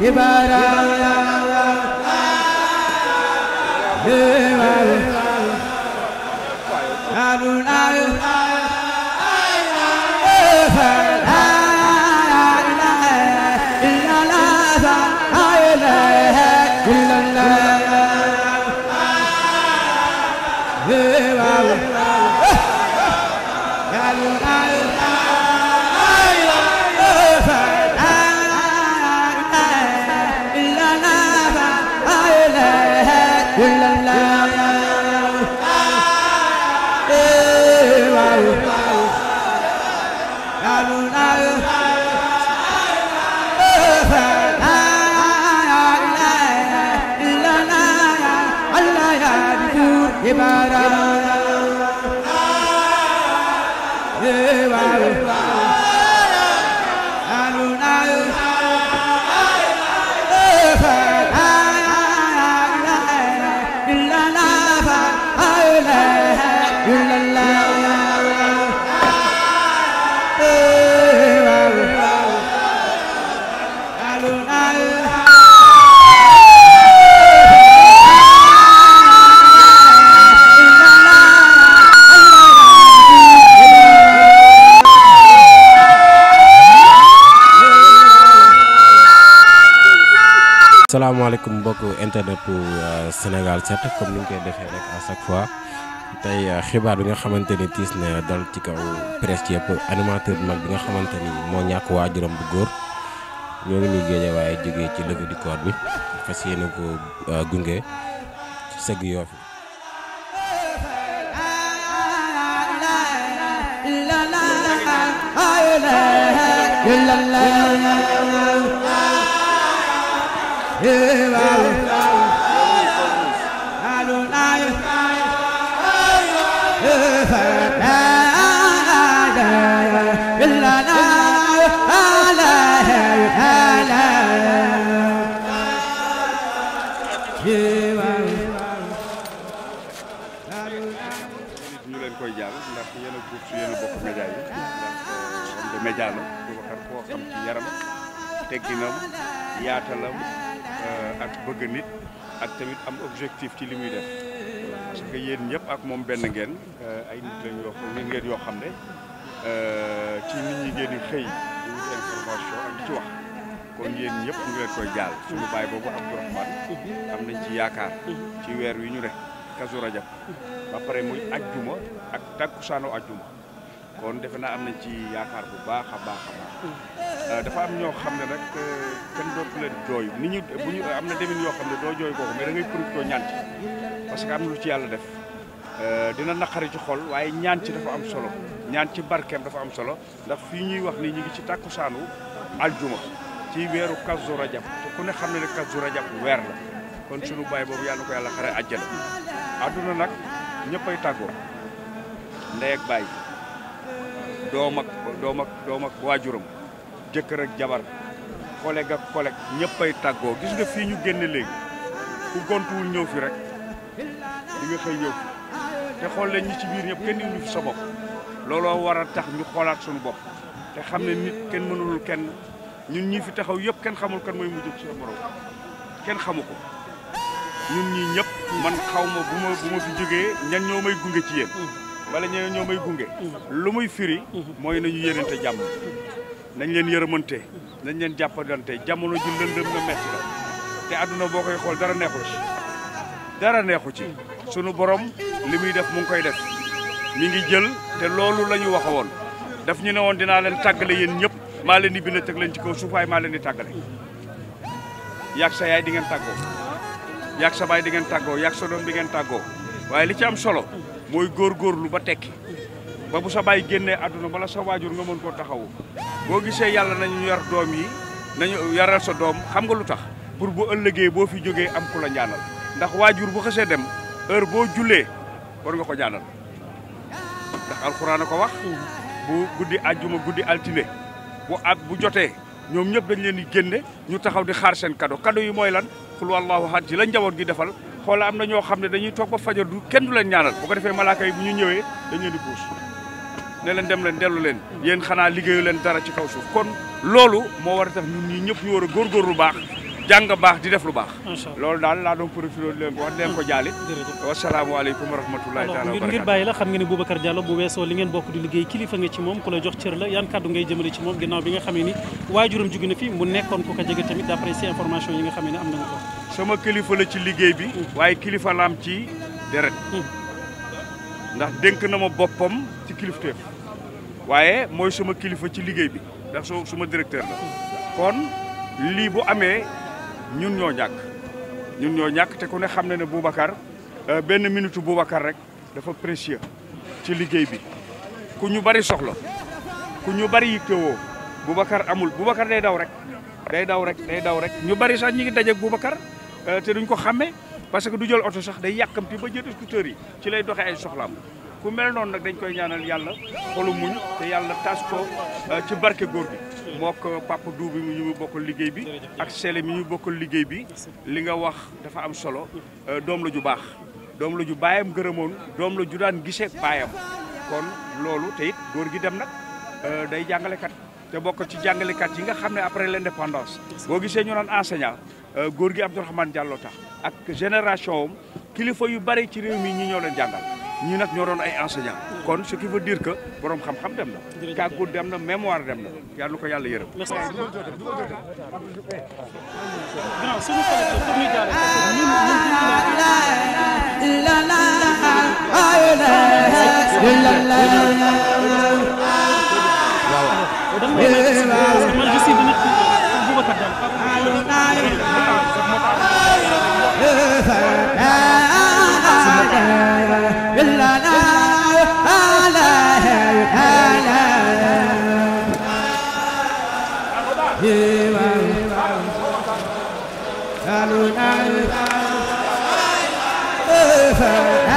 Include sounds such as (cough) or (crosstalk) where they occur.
Allahu Alhamdulillah salaamaaleykum mbokk internet bu euh, Sénégal 7 comme ni ñu koy defee rek à chaque fois tey euh, xibaar bi nga xamante ni tiis na dal ci kaw presse yëpp animateur bi mag bi nga xamante ni moo ñàkk waa waajuram bu góor ñoo ngi ñuy géeje waaye jóge ci levée du corps bi fas yéene ko euh, gunge sëgg yoo fi ku média la Boubacar koo xam ci yaram tegginam yaatalam euh, ak bëgg nit ak tamit am objectif ci li muy def parce que yéen ñëpp ak moom benn ngeen euh, ay nit yoo xam ne euh, ci nit ñi ngeen di xëy ci wax kon yéen ñëpp ñu leen koy jaal suñu baay boobu Abdourahmane am nañ ci yaakaar ci weer wi ñu ne Kazu Rajab ba pare muy ajjuma ak takkusaanu ajjuma kon defe na am na ci yaakaar bu baax a baax euh, dafa am ñoo xam ne nag euh, kenn dootu leen jooy ni ñu bu ñu am na demin yoo xam ne doo jooy kooku mais da ngay profité ñaan ci parce que am nu lu ci yàlla def euh, dina naqari ci xol waaye ñaan ci dafa am solo ñaan ci barkeem dafa am solo ndax fii ñuy wax ni ñu ngi ci takku tàkkusaanu aljuma ci weeru Kazu Rajab te ku ne xam ne ne Kazu Rajab weer la kon sunu baay boobu yàlla ko yàlla xare àjjana àdduna nag ñëppay tàggoo ndey ak baay doom ak doom ak doom ak waajuram jëkkër ak jabar collègue ak collègue ñëppay tàggoo gis nga fii ñu génne léegi ku gontuwul ñëw fi rek di nga xëy ñëw te xool leen ñi ci biir ñëpp kenn indi fi sa bopp looloo war tax ñu xoolaat suñu bopp te xam ne nit kenn mënulul kenn ñun ñii fi taxaw yëpp kenn xamul kan mooy mujj ci sa morom kenn xamu ko ñun ñii ñëpp man xawma ma bu ma bu ma fi jógee ñan ñoo may gunge ci yéen wala ñeneen ñoo may gunge lu muy firi mooy nañu yéenante jàmm nañ leen yërëmënte nañ leen jàppante jamono ji lëndëm na metti la te àdduna boo koy xool dara neexu ci dara neexu ci sunu borom li muy def mu koy def mi ngi jël te loolu la ñu wax woon daf ñu ne woon dinaa leen tàggale yéen ñëpp maa leen di bind teg leen ci kaw suufaay maa leen di tàggale yaag sa yaay di ngeen tàggoo yaag sa baay di ngeen tàggoo yaag sa doom di ngeen tàggoo waaye li ci am solo mooy góorgóorlu ba tekki ba bu sa baay génnee àdduna bala sa waajur nga mën koo taxawu boo gisee yàlla nañu yar doom yi nañu yaral sa doom xam nga lu tax pour bu ëllëgee boo fi jógee am ku la ñaanal ndax waajur bu xasee dem heure boo jullee war nga ko ñaanal ndax alxuraan a ko wax bu guddi àjjuma guddi altine bu at bu jotee ñoom ñëpp dañ leen di génne ñu taxaw di xaar sen kado kado yi mooy lan xul wallaahu ahad ci la njaboot gi defal xoola am na ñoo xam ne dañuy toog ba fajar du kenn du leen ñaanal bu ko defee malaaka bu ñu ñëwee dañ leen di puus ne leen dem leen dellu leen yéen xanaa liggéeyu leen dara ci kaw suuf kon loolu moo war a tax ñun ñii ñëpp ñu war a góorgóorlu baax jàng baax di def lu baax. loolu daal laa doon profité leen ko wax leen ko jaale. jërëjëf wasalaamaaleykum wa rahmatulahi taala wa ngir bàyyi la xam nga ne Boubacar Diallo bu weesoo li ngeen bokk di liggéey kilifa nga ci moom ku la jox cër la yan kàddu ngay jëmale ci moom ginnaaw bi nga xamee ni waajuram jóge na fi mu nekkoon ko ko jege tamit d'après ces informations yi nga xamee ne am nañu ko. sama kilifa la ci liggéey bi. Hmm. waaye kilifa la am ci deret. Hmm. ndax dénk na ma boppam ci kilifteef waaye mooy sama kilifa ci liggéey bi ndax soo suma directeur la hmm. kon ñun ñoo ñàkk ñun ñoo ñàkk te ku ne xam ne ne Boubacar euh, benn minute Boubacar rek dafa précieux ci liggéey bi ku ñu bari soxla ku ñu bari yittewoo Boubacar amul Boubacar day daw rek day daw rek day daw rek ñu bari sax ñi ngi dajeeg Boubacar euh, te duñ ko xàmme parce que du jël oto sax day yàkkamti ba jël scooter yi ci lay doxe ay soxlaam ku mel noonu nag dañ koy ñaanal yàlla xolu muñ te yàlla tas ko euh, ci barke góor gi moo ko papa Dou bi ñu bokkal liggéey bi ak sele mi ñu bokkal liggéey bi li nga wax dafa am solo euh, doom la ju baax doom la ju baayam gërëmoon doom la ju daan giseek baayam kon loolu te góor gi dem nag euh, day jàngalekat te bokk ci jàngalekat yi nga xam ne après l'indépendance boo gisee ñu naan enseignant góor gi Abdourahmane Diallo tax ak génération kilifa yu bare ci réew mi ñu ñoo leen jàngal ñi nag ñoo doon ay enseignants. kon ce qui veut dire que borom xam-xam dem na. kàggu dem na mémoire dem na yàlla na ko yàlla yërëm. merci waaw. Mustafa (laughs)